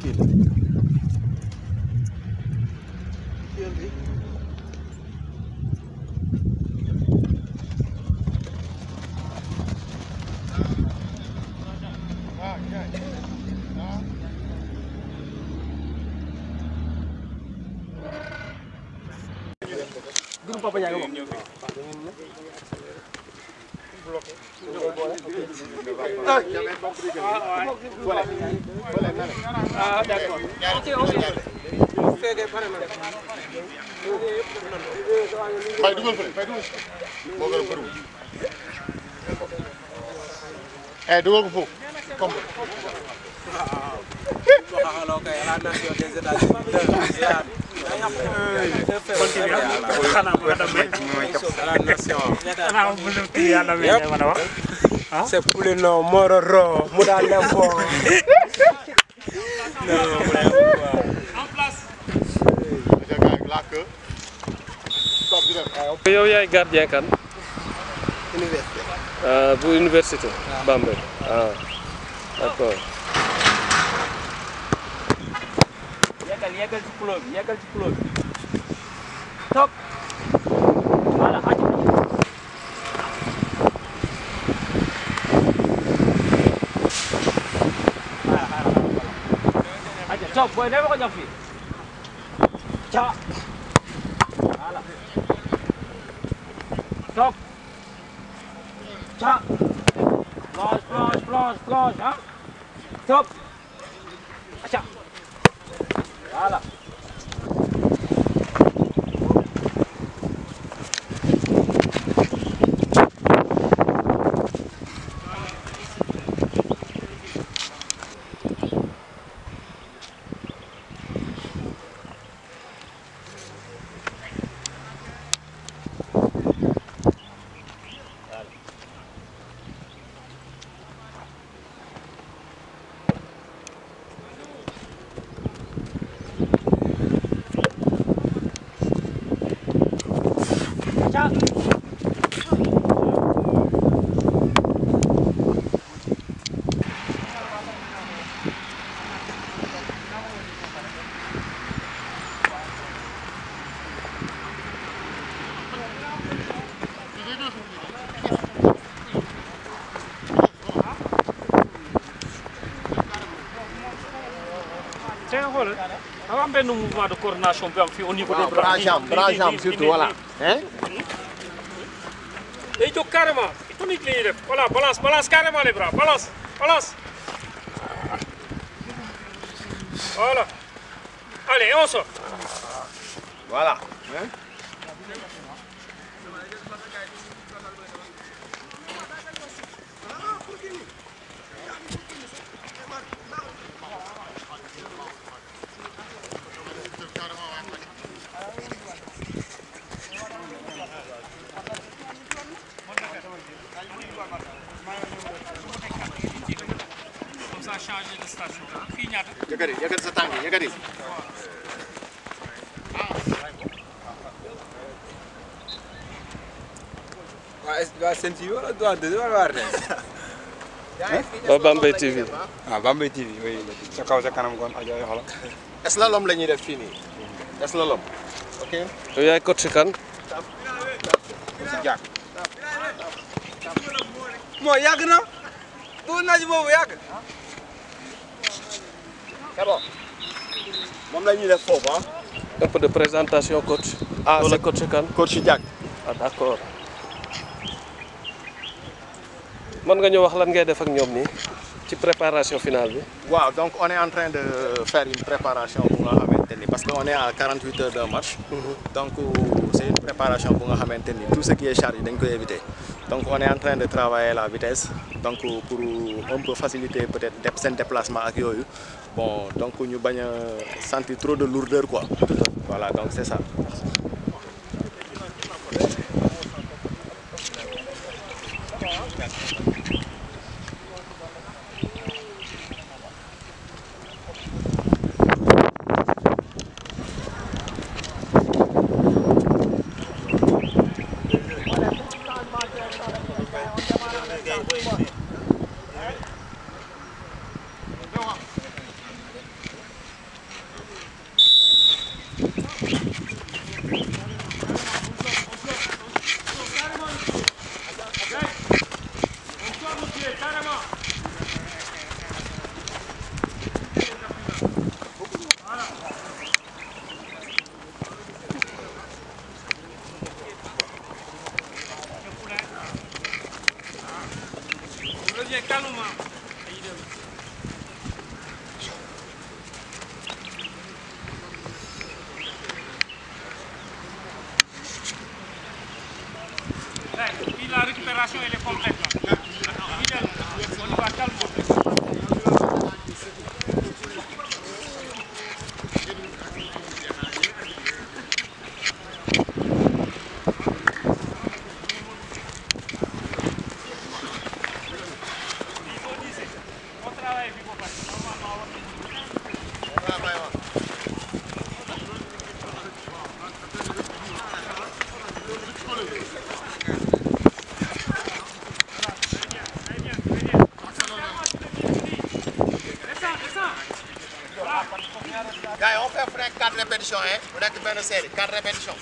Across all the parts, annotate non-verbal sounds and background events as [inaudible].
aquele. boogal bëriwul. eh dugal ko foofu comme. c'est pour le nom Mororo mu daal yow yaay gardien kan. université. Ah, bu université. Ah. Bambey waaw ah, d'accord. yeggal yeggal ci puloo bi yeggal ci puloo bi toog voilà aju voilà toog booy dama ko jox ca 走。am un mouvement de coordination au niveau. des Bras, am branches surtout voilà. tu hein? jóg carrément tu la ñuy voilà balance balance carrément les bras balance. yëkkati yëkkati sa tànk yëkkati waa waa Sen TV wala waa deux wala waa RTS. [laughs] waa Bambey TV. ah Bambey TV oui sa kaw sa kanam kon ajo xoolal. slalom la ñuy def fii nii slalom. ok. yow yaay coach kan. si jàkk. moo yàgg na bu naaj boobu yàgg. Alors, moom la un ah. peu de présentation coach. ah c'est coach kan. coach Diak. ah d'accord Mon nga ñu wax lan ngay def préparation finale donc on est en train de faire une préparation pour la parce qu'on est à 48 heures de match. Mhm. donc c'est une préparation pour nga maintenir. tout ce qui est chargé. éviter. donc on est en train de travailler la vitesse donc pour un peu faciliter peut-être son déplacements à bon donc ñu bañ a sentir trop de lourdeur quoi voilà donc c'est ça Gracias. répétitions, hein. Eh? On a que 27, 4 répétitions.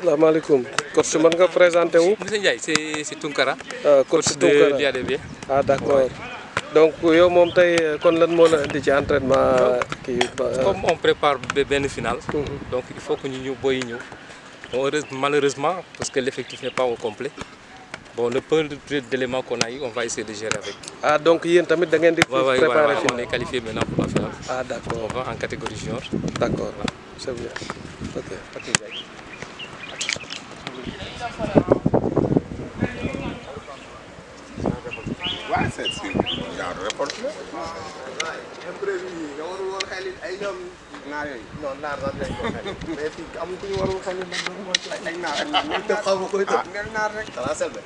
alaikum. coach man nga présenté wu. monsieur Ndiaye c'est Tunkara. ah de l'IADB. ah d'accord. donc yow mom tay kon lan mo la indi ci entraînement euh, comme on prépare benn finale. Mhm. donc il faut que ñu ñu boy malheureusement parce que l'effectif n'est pas au complet. bon le peu d'éléments qu'on a eu on va essayer de gérer avec. ah donc yéen tamit da ngeen di. préparer finale on est qualifié maintenant pour la finale. ah d'accord on va en catégorie junior. d'accord c'est bien ok. waaw c' est sûr genre report la. imprévu yi nga warul woon xel it ay ah, ñoom naar yooyu. non naar sax dinañ ko xel mais fii amul ku ñu warul xel it nag dootu ma ci ay naar ak naar. ñoom xaw ma koy tëb ngeen naar rek. xanaa selbe.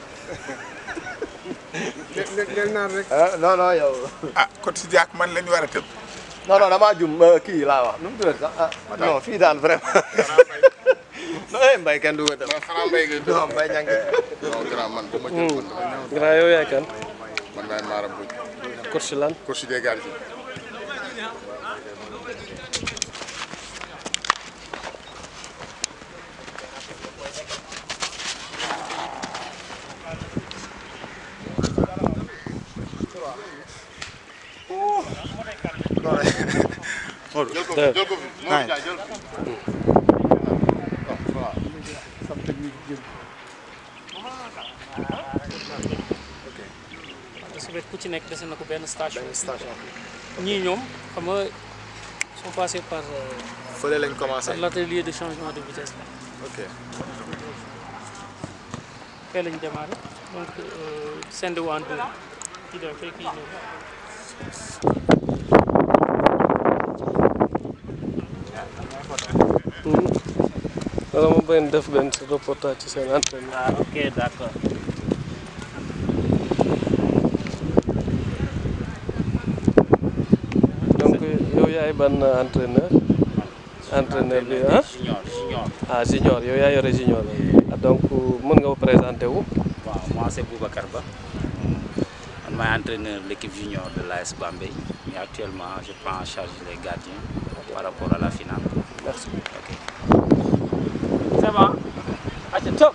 ngeen naar rek. non non yow. ah Côte si Diak man lañ war a tëb. non non damaa jum euh, kii laa wax nu mu tuddati sax ah. non fii daal vraiment. Eh, mbay kenn du ko def xanaa mbay gi gitu. non mbay ñangi non grand gitu. oh, man bu ma jël hmm. kon grand yow yaay kan man maay maaram bu course lan course des gardiens gitu. uh. Jël ko jël ko fi mo jaay jël bi ku ci nekk dese na ko benn station. benn station ñii ñoom xam nga soo passé par. fële lañ commencé par l'atelier de changement de vitesse la. ok. fee lañ démarré donc send waan bi kii dem fee kii ñëw. wala ma benn def benn reportage ci seen entraînement. ah ok d'accord. yaay ah? Ah, yore junior la. Ah, donc nga ko wu. man maay entraîneur l'équipe junior de l'AS Bambey mais actuellement je prends les gardiens par rapport à la finale. 好，开始走。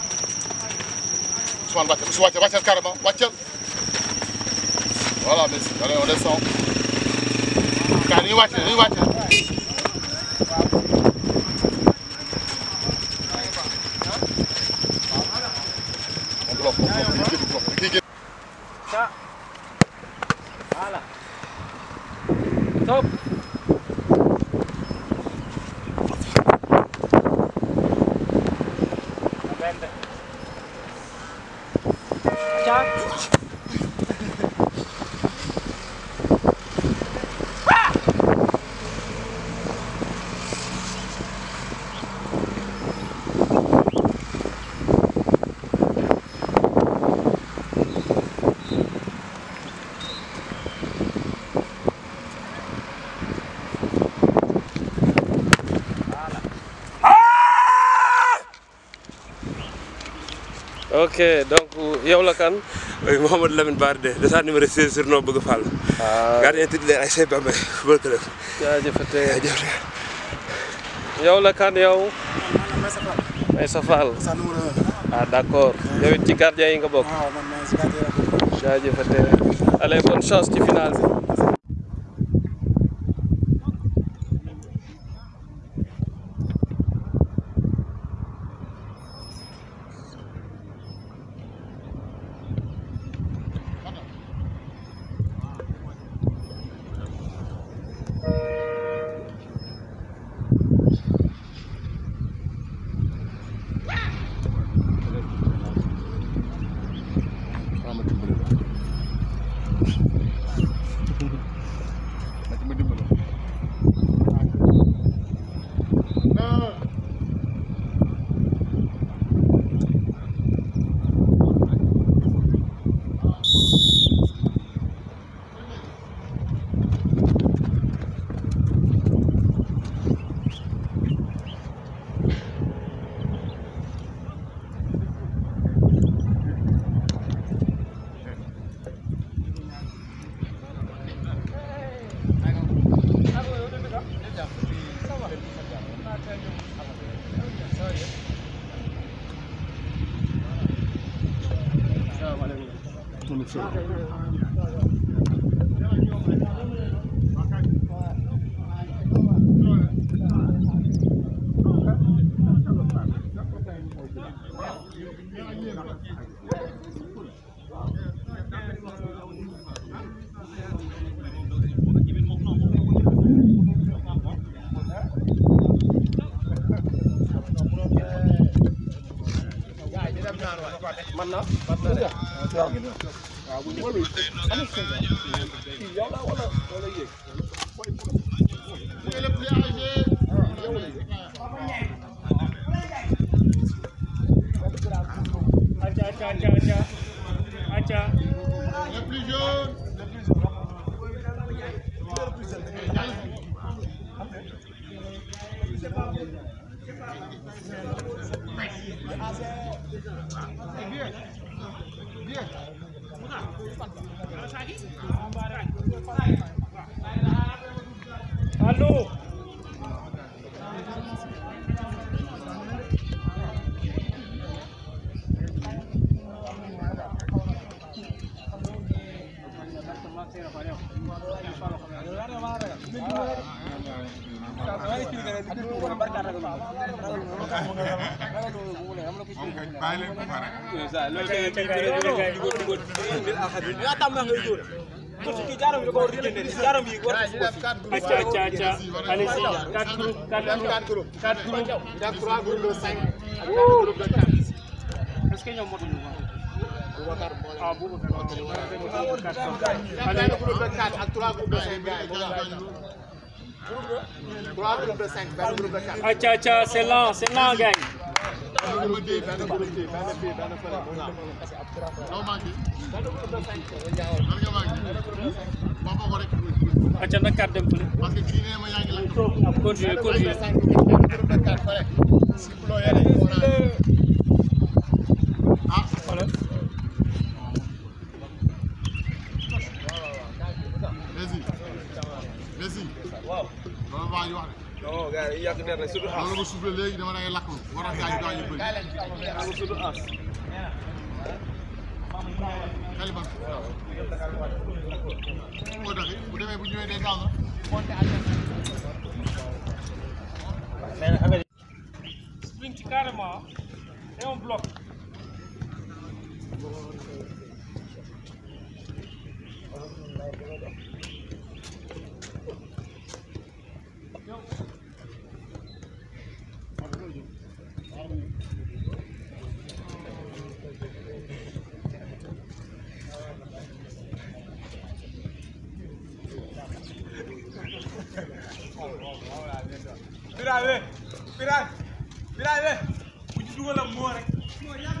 Ousmane wàccal monsieur wàccal watch carrément wàccal voilà it. allez on descend. kaa dañuy wàcc watch it? ok donc yow la kan. oui Mouhamadou Lamine Bardé descente numéro 16 surnom Bëgg Fall. waaw ah. gardien titulaire ASC Bambey football club. jaajëfatee jaajëfatee. yow la kan yow. Meysa Fall. ah d' yow it ci gardien yi nga bokk. waaw ah, man maa ngi si chance ci finale bi. Acha Acha Acha. Allez-y, 4 groupes, 4 groupes, 4 groupes. Il y a 3 groupes de 5 ak 4 groupes de 4. Est-ce que ñoom motuñu ah boobu benn groupe de 4 ak 3 groupes de 5 3 groupes de 5 benn groupe de 4. Acha Acha, c'est lent, c'est lent gars. benn bi dem fële. parce que ordinaire la surtout as. loolu ma suuf léegi dama lay lakk war a gaañu gaañu bëri. loolu surtout as. xel ba. moo tax bu demee bu ñëwee day gaaw na. sprint carrément c'est un bloc. Thank you. Biraay we Biraay Biraay we bu ci dugal ak moo rek eh.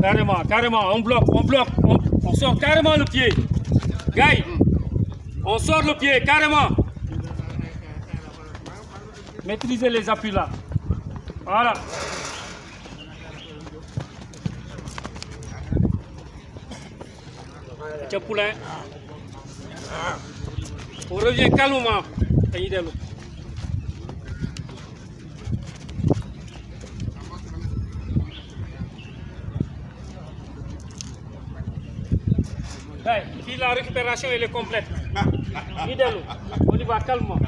carrément carrément on bloque on bloque on, on sort carrément le pied Gaï, on sort le pied carrément maîtrisez les appuis là voilà. చెప్పులే ఒకరోజు ఎక్కాను మా ఐదేళ్ళు Dai, fila récupération elle est complète. Idelo, on y va calmement.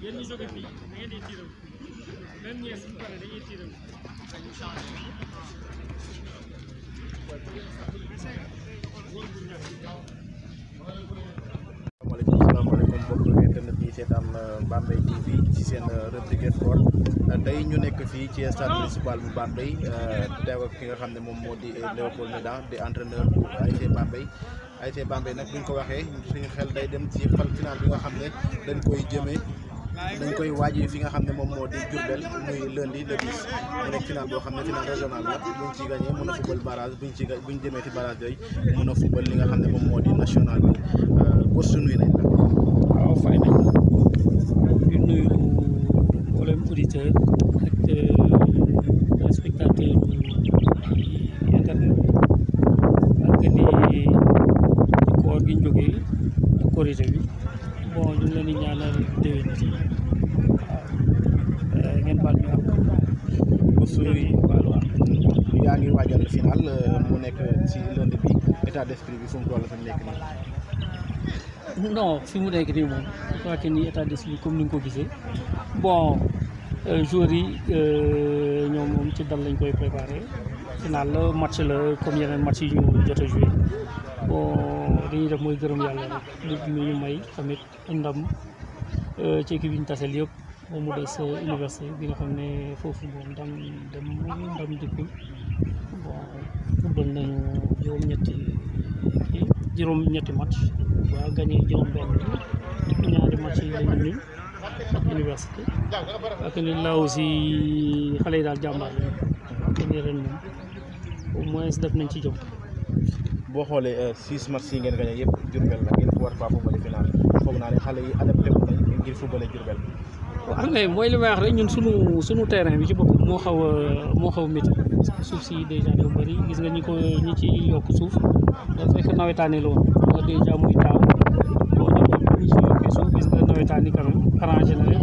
Yeni çok iyi. Ne diyorum? Ben niye sizlere ne diyorum? Sen inşallah. ci stade municipal bu Bambey euh, teew ak nga xam ne moom moo di euh, Léopold Médar di entraîneur bu ASC Bambey ASC buñ ko waxee suñu xel day dem ci fan final bi nga xam ne dañ koy jëmee dañ koy waajee fi nga xam ne moom moo di Diourbel muy lundi le 10 mu nekk final boo xam ne final régional la buñ ci gagné mën a fubal barrage buñ ci buñ jëmee ci barrage yooyu a fubal li nga xam ne moom moo di national bi euh, bourse nuyu nañ waaw fay nañ Sonko wala fi fi mu nekk nii moom comme ni nga ko gisee bon euh, joueurs yi euh, ñoom moom ci dal lañ koy préparé final la match la comme yeneen match yi ñu jot a joué bon li mooy gërëm yàlla may tamit ndam euh, ci équipe yi ñu yëpp. moom bi nga xam ne foofu moom ndam ndam dikkul bon football nañu juróom-ñetti juróom ñetti match waaw gagné juróom benn bi ñaari match yi lañu ñun université ak li la xale yi daal jàmbaar lañu ren moom au moins def nañ ci jom boo xoolee euh, six match yi ngeen gagné yëpp Diourbel la ngeen ko war faa football final foog naa ne xale yi adapté wu nañ ngir football Diourbel waaw xam nga mooy li rek ñun sunu sunu terrain bi ci bopp moo xaw moo xaw métti parce que suuf si dèjà dafa bëri gis nga ñi ko ñi ci yokk suuf dafa fekk nawetaani la woon loolu muy daaw boo ñëwee nga nawetaani quand même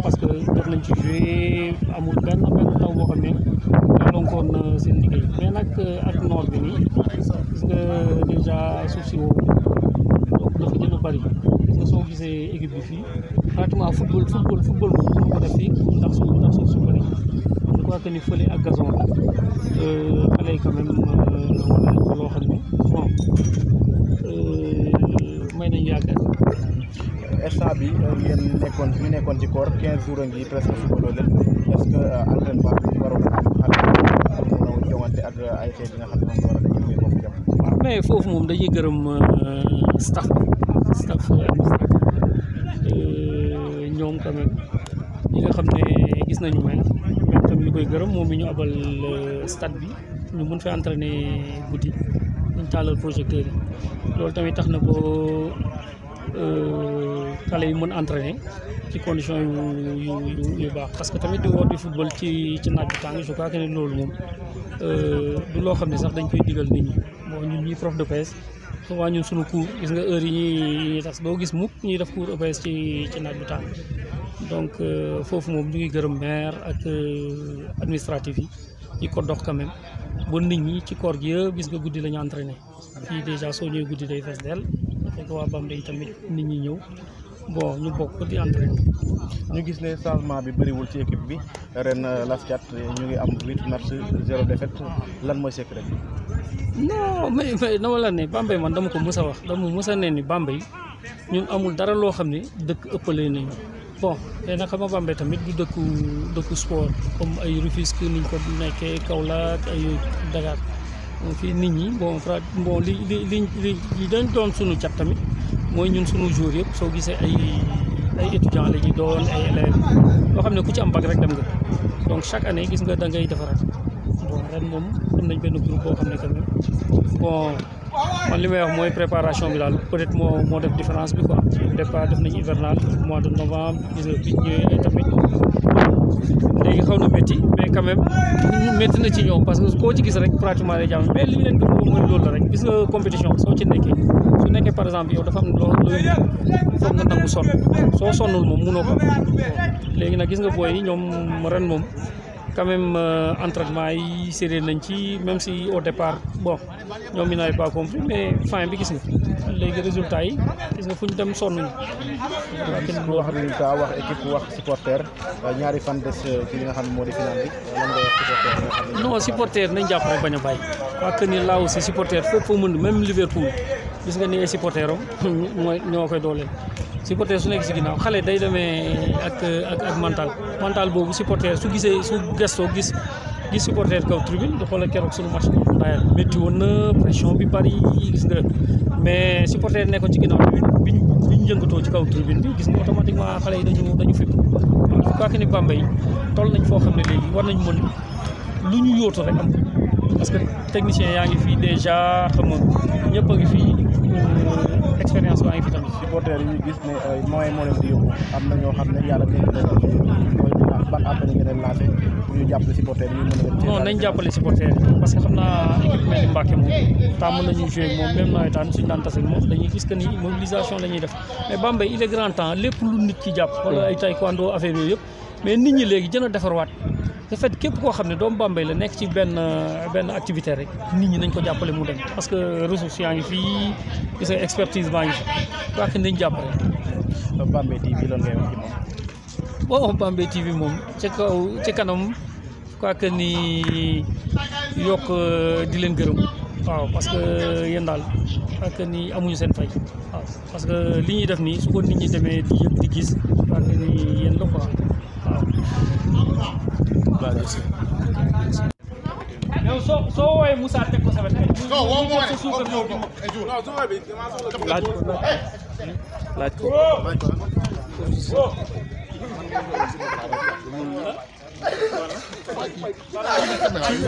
parce que def nañ ci joué amul benn benn boo xam ne gàllankoor na seen liggéey mais nag ak noor bi nii gis nga dèjà suuf si woowu dafa jël lu bëri gis nga soo gisee équipe bi fii pratiquement football football football moom mënu ko def fii ndax suuf ndax suuf su bëri je xale yi quand même war nañ ko loo xam ne bon may nañu yaakaar. instant bi ngeen nekkoon ñu nekkoon ci koor 15 jours a ngi presque suba loolu est-ce que entraînement bi waroon na am xale yi mën a jowante ak ay xeet yi nga xam ne moom war nañu muy moom jëm. waaw mais foofu moom dañuy gërëm staff staff administratif ñoom quand même ñi nga xam ne gis nañu may. koy gërëm moom mi ñu abal euh, stade bi ñu mën fee entraîner guddi ñu tàllal projecteur yi loolu tamit tax na ko euh, xale yi mën entraîner ci condition yu yu yu baax parce que tamit di woo football ci ci naaj bi tàng je crois que loolu moom euh, du loo xam ne sax dañ koy digal nit ñi bon ñun ñuy prof de PS souvent ñun suñu cours gis nga heure yi ñuy tas doo gis mukk ñuy def cours EPS ci naaj bi tàng donc euh, fofu mom ñu ngi gërëm maire ak euh, administratif yi yi ko dox quand même ba nit ñi ci koor gi yëpp gis nga guddi lañu entraîner fi déjà so soo ñëwee guddi day fees dell fekk bam day tamit nit ñi ñew bon ñu bokk di entraîner ñu gis né changement bi wul ci équipe bi ren euh, Lascat ñu ngi am 8 match 0 défaite lan moy secret bi non mais mais na wala né bambe man dama ko mësa wax dama mësa né ni bambe ñun amul dara lo xamné dëkk ëppalé nañu bon tey naka Mabambey tamit du dëkku dëkku sport comme ay Rufisque niñ ko nekkee Kaolack ay Dakar fii nit ñi bon fra bon li li li li dañ doon suñu cat tamit mooy ñun suñu jour yëpp soo gisee ay ay étudiants la ñuy doon ay élèves yoo xam ne ku ci am bac rek dem nga donc chaque année gis nga dangay ngay defaraat bon ren moom am nañ benn groupe boo xam ne tamit bon. man li may wax mooy préparation bi daal peut-être moo moo def différence bi quoi départ def nañu hivernal mois de novembre bi ñëwee tamit léegi xaw na métti mais quand même na ci ñoom parce que koo ci gis rek pratiquement day jàmm mais li ñu leen di mooy loolu rek gis nga compétition soo ci nekkee su nekkee par exemple yow dafa am loo foog nga nangu sonn soo sonnul moom mënoo ko léegi nag gis nga booy yi ñoom ren moom. quand même euh, entraînement yi séddee nañ ci même si au départ bon ñoom ñu n'avaient pas compris mais fin bi gis nga léegi résultat yi gis nga fu ñu dem sonn ñu. képp ku wax résultat wax équipe wax supporter euh, ñaari fan des euh, ci li nga xam ne moo di final bi lan non supporter nañ jàpp rek bañ a bàyyi. waa que ni là aussi supporter foofu mën même Liverpool. gis nga ni ay supporters am [laughs] mooy ñoo koy dooleel. supporter su nekk si ginnaaw xale day demee ak ak ak boobu supporter su gisee su gestoo gis gis supporter kaw tribune di a keroog suñu match bi. waaye métti woon na pression bi bari gis nga mais supporter nekkoon ci ginaaw bi ñu bi ñu yëngatoo ci kaw tribune bi gis nga automatiquement xale yi dañu dañu fépp. en tout cas que ni Bambey toll nañ foo xam ne léegi war nañ mën lu ñu yóotu rek parce que technicien yaa ngi fii déjà xam nga a ngi fii euh, expérience baa ngi fi tamit. supporters yi ñu gis ne euh, moyen moo leen di yóbbu am na ñoo xam ne yàlla nañ ñu jàppale supporters yi ñu jàppale supporters yi parce que xam naa équipe mel ni moom tàmm nañu joué moom même nawetaan suñu daan tase moom dañuy gis que mobilisation la ñuy def mais Bambey il est grand temps lépp lu nit ki jàpp. wala ay taekwondo affaire yooyu yëpp mais nit ñi léegi jën a defar waat de fait képp koo xam ne doomu Bambey la nekk ci benn benn activité rek nit ñi nañ ko jàppale mu dem parce que ressources yaa ngi fii gis nga expertise baa ngi fi waaye kenn dañu jàppale. Bambey TV lan ngay moom. waaw Bambey TV moom que ni yokk di leen gërëm. waaw parce que yéen daal ak ni amuñu seen fay waaw parce que li ñuy def nii su ko nit ñi demee di yëpp di gis ak ni yéen la quoi waaw. yow soo soo woowee Moussa teg ko sabal tey. non woo ma wane ko ñëw ko non su ma bi damaa soxla. laaj ko laaj ko laaj ko.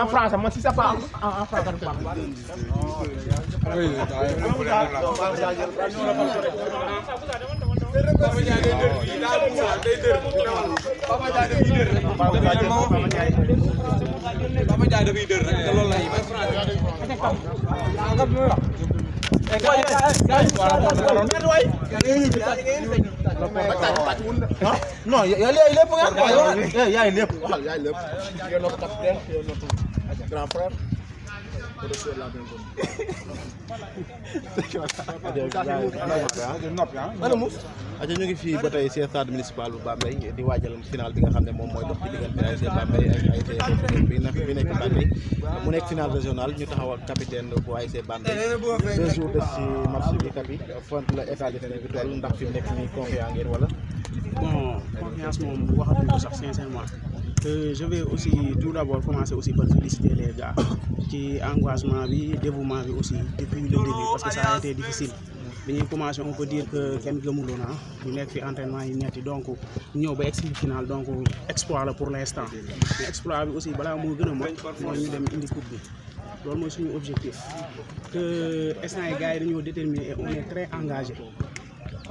en français man si ça parle en français du parle. oui. Papa Ndiaye day dër fii daal Moussa day dër Papa Ndiaye dafay dër rek. Papa Ndiaye dafay dër rek te loolu la ñuy wax. non yow yaay lépp nga. yaay lépp waxal yaay lépp. grand frère. ñu ngi fii ba tey ci stade municipal bu Bambey di waajal final bi nga xam ne moom mooy dox ci diggante ay seen Bambey ay seen bi nag bi nekk Bambey mu nekk final régional ñu taxaw ak capitaine bu ay seen Bambey deux jours des ci bi kapi font la état de terrain bi toll ndax fi nekk nii confiant ngeen wala bon confiance moom waxatuñ ko sax Euh, je vais aussi tout d'abord commencer aussi par féliciter les gars qui engagement bi dévouement bi aussi depuis le début parce que ça a été difficile Mais ñuy commencé on peut dire que kenn gëmuloon ah ñu nekk fi entraînement yi metti donc ñëw ba exil final donc exploit pour l'instant. instant aussi voilà moo gën a mag mooy indi bi objectif que instant yi gars yi déterminé et on est très engagé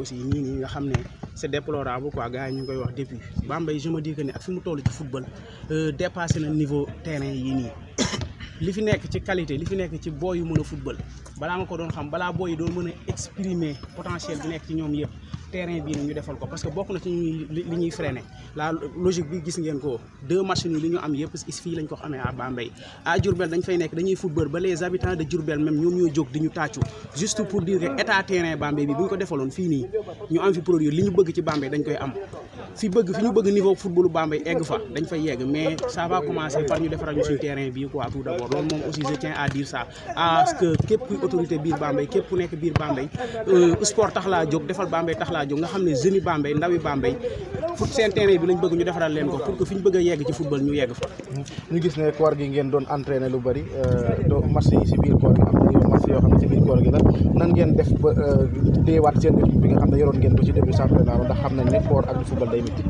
aussi ni nii nga xamné c'est déplorable quoi gars yi ñu koy wax depuis bambay je me dis que ni ak fi mu ci football euh, dépassé na niveau terrain yi ni [coughs] li fi nek ci qualité li fi nek ci boy yu football bala nga ko doon xam bala boy yi doon mëna exprimer potentiel bi nek ci ñom yépp terrain bii ñu defal ko parce que bokk na ci li ñuy freiné la logique bi gis ngeen ko deux matchs yi li ñu am yëpp fii lañ ko amee à Bambey à Diourbel dañ fay nekk dañuy football ba les habitants de Diourbel même ñoom ñoo jóg di ñu tàccu juste pour dire que état terrain Bambey bi bu ñu ko defaloon fii nii ñu am fi produit li ñu bëgg ci Bambey dañ koy am si bëgg fi ñu bëgg niveau footballu Bambey egg fa dañ fay yegg mais ça va commencer par ñu defaral ñu suñu terrain bii quoi tout d'abord loolu moom aussi je tiens à dire ça à que képp kuy autorité biir Bambey képp ku nekk biir Bambey euh, sport tax laa jóg defal Bambey tax laa jóg nga xam ne jeunes yi Bambey ndaw yi Bambey foot seen terrain bi lañ bëgg ñu defaral leen ko pour que fi ñu bëgg a yegg ci football ñu yegg fa ñu gis ne koor gi ngeen doon entraîner lu bari euh, do gis yoo xam ne ci biir koor gi la nan ngeen def ba euh, téyewaat seen bi nga xam ne yoroon ngeen ko ci début championnat ndax xam nañ ne koor ak du football day métti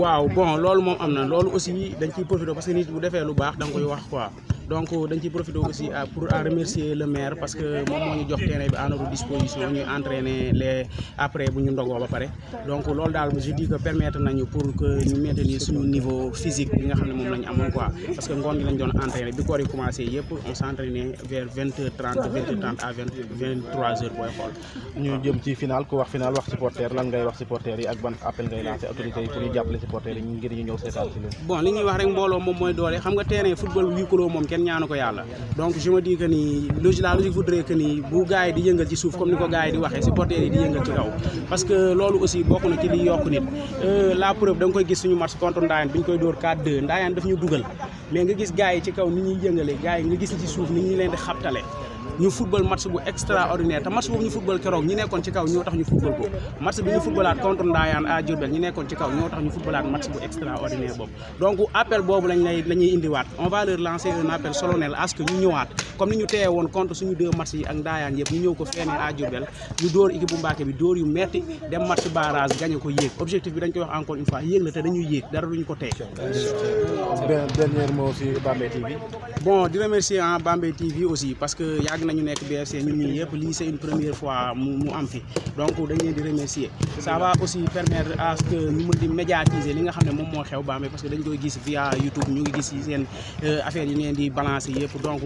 waaw bon loolu moom am na loolu aussi dañ ciy profité parce que nit bu defee lu baax da koy wax ko donc dañ ciy profité aussi ah, pour à ah, remercier le maire parce que moom moo ñu jox terrain bi à disposition ñuy entraîner les après bu ñu ndogoo ba pare donc loolu daal moom lañu amoon parce que ngoon gi lañ doon entraîner bi koor yi yëpp on s'entraînait vers vingt heures vingt heures à vingt trois heures booy xool. ñu jëm ci final ku wax final wax supporter lan ngay wax supporter yi ak ban appel ngay lancé autorités yi pour ñu jàppale supporter yi kenn ñaanu ko yàlla donc je me dis que ni bu gars di yëngal ci suuf comme ni ko gars di waxee supporters yi di yëngal ci kaw parce que loolu aussi bokk na ci yokk nit euh, la preuve da koy gis suñu match contre Ndaayaan bi ñu koy dóor 4-2 Ndaayaan daf ñu dugal mais nga gis gars yi ci kaw ni ñuy yëngale gars nga gis ci suuf ni ñuy leen di xabtale ñu football match bu extraordinaire te match bu ñu football keroog ñi nekkon ci kaw ñoo tax ñu football ko match bi ñu footballat contre Ndaayaan à djourbel ñi nekkon ci kaw ñoo tax ñu footballat match bu extraordinaire boobu donc appel bobu lañ lay lañuy indi indiwaat on va leur lancer un appel solennel à ce que ñu ñëwaat comme ni ñu teewe woon contre suñu deux matchs yi ak Ndaayaan yëpp ñu ñëw ko fénné a djourbel ñu door équipe bu Mbacké bi door yu metti dem match barrage gagné ko yéeg objectif bi dañ koy wax encore une fois yéeg la té dañuy yéeg dara duñu ko tey dernier mot ci Bambey TV bon di remercier en hein, Bambey TV aussi parce que yàgg ñu nekk BFC ñun ñii yëpp lii c'est une première fois mu mu am fi donc dañ leen di remercier ça va aussi permettre à ce que ñu mën di médiatiser li nga xam ne moom moo xew Bambey parce que dañ koy gis via YouTube ñu ngi gis seen euh, affaire yi ngeen di balancer yëpp donc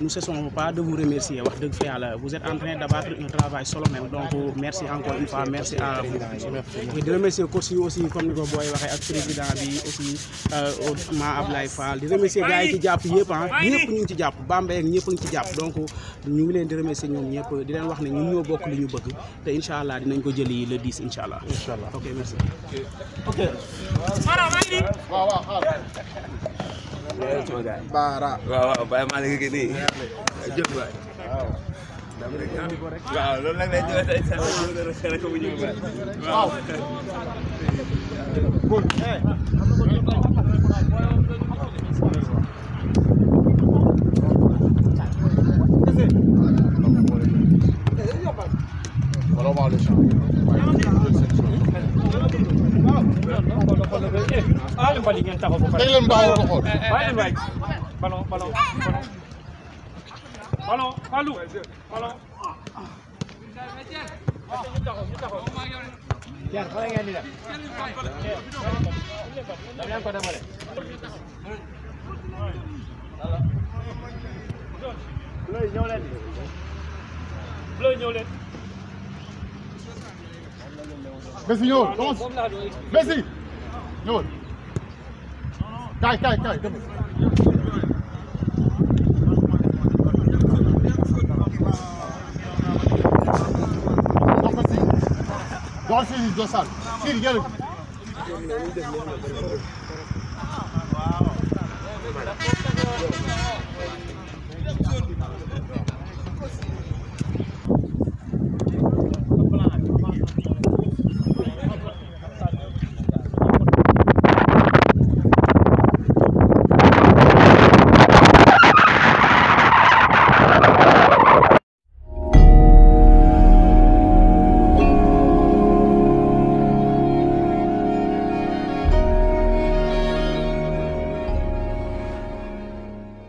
nous cessons pas de vous remercier wax dëgg fa yàlla vous êtes en train d'abattre un travail solennel donc merci encore une fois merci à vous di remercier coach aussi comme ni ko booy waxee ak président bi aussi euh, ma Ablaye Fall di remercier gars yi ci jàpp yëpp ah ñëpp ñu ngi ci jàpp Bambey ak ñëpp ñu ci jàpp donc ñu ngi leen di remercier ñom ñepp di leen wax ne ñun ñoo bokk li ñu bëgg te inshallah allah dinañ ko yi le 10 inshallah allah. incha allah ok merci. Oke. wa wa xaar. Bara. wa wa bay Malick gi ni jëf waay. waaw. lo loolu nag lay jëlee برافو عليك اهلا بالي انت هو بالي باي روحو باي باي بالون بالون بالون بالو بالون يا خلاص يا ليلى لا لا لا لا لا لا Bezi yon, bon, bezi bon, Bezi, yon Kaye, kaye, kaye bon, Do a chizi, do a sal Chidi, chidi